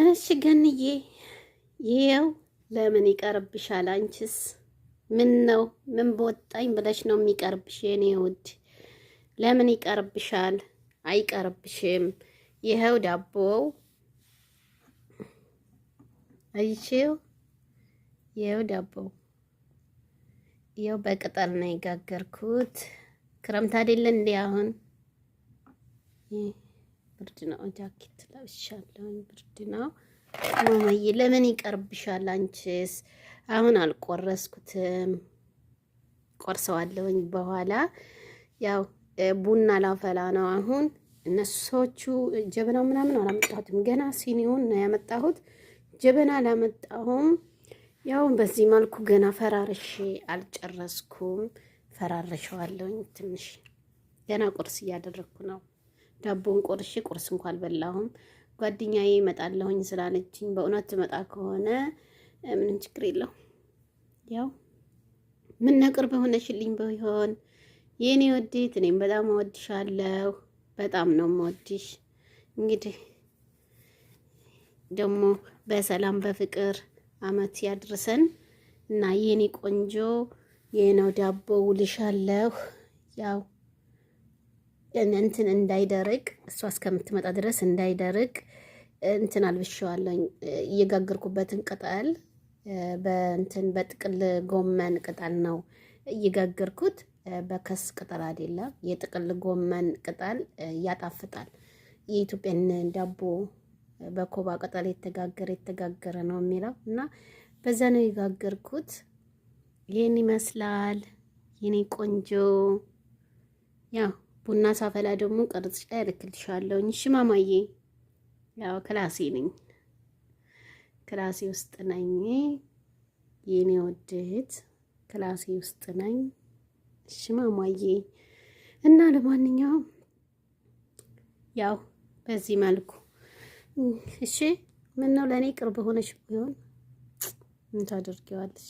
እሺ ገንዬ፣ ይኸው ለምን ይቀርብሻል? አንቺስ ምን ነው ምን በወጣኝ ብለሽ ነው የሚቀርብሽ? የኔ ውድ ለምን ይቀርብሻል? አይቀርብሽም። ይኸው ዳቦው አይቼው፣ ይኸው ዳቦው ይኸው በቅጠል ነው የጋገርኩት። ክረምት አይደለ እንዴ አሁን ብርድ ነው። ጃኬት ለብሻለሁ፣ ብርድ ነው። ማማዬ ለምን ይቀርብሻል? አንቺስ አሁን አልቆረስኩትም፣ ቆርሰዋለሁኝ በኋላ። ያው ቡና ላፈላ ነው አሁን። እነሱ ሰዎቹ ጀበና ምናምን አላመጣሁትም፣ ገና ሲኒውን ነው ያመጣሁት። ጀበና አላመጣሁም። ያው በዚህ መልኩ ገና ፈራርሼ አልጨረስኩም። ፈራርሸዋለሁኝ ትንሽ ገና ቁርስ እያደረግኩ ነው። ዳቦን ቁርሽ ቁርስ እንኳ አልበላሁም። ጓደኛዬ እመጣለሁኝ ስላለችኝ በእውነት ትመጣ ከሆነ ምንም ችግር የለው። ያው ምን ነቅርብ ሆነሽልኝ ቢሆን የእኔ ወዴት፣ እኔም በጣም እወድሻለሁ። በጣም ነው የምወድሽ። እንግዲህ ደግሞ በሰላም በፍቅር አመት ያድርሰን እና የኔ ቆንጆ የነው ዳቦ ውልሻለሁ ያው እንትን እንዳይደርቅ እሷ እስከምትመጣ ድረስ እንዳይደርቅ እንትን አልብሸዋለኝ። እየጋገርኩበትን ቅጠል በእንትን በጥቅል ጎመን ቅጠል ነው እየጋገርኩት፣ በከስ ቅጠል አይደለም። የጥቅል ጎመን ቅጠል ያጣፍጣል። የኢትዮጵያን ዳቦ በኮባ ቅጠል የተጋገረ የተጋገረ ነው የሚለው እና በዛ ነው የጋገርኩት። ይህን ይመስላል የኔ ቆንጆ ያው ቡና ሳፈላ ደግሞ ቅርጽ እልክልሻለሁ። እሺ ማማዬ፣ ያው ክላሴ ነኝ፣ ክላሴ ውስጥ ነኝ የኔ ወድህት ክላሴ ውስጥ ነኝ። እሺ ማማዬ። እና ለማንኛውም ያው በዚህ መልኩ እሺ። ምን ነው ለእኔ ቅርብ ሆነሽ ቢሆን ምን ታደርጊዋለሽ?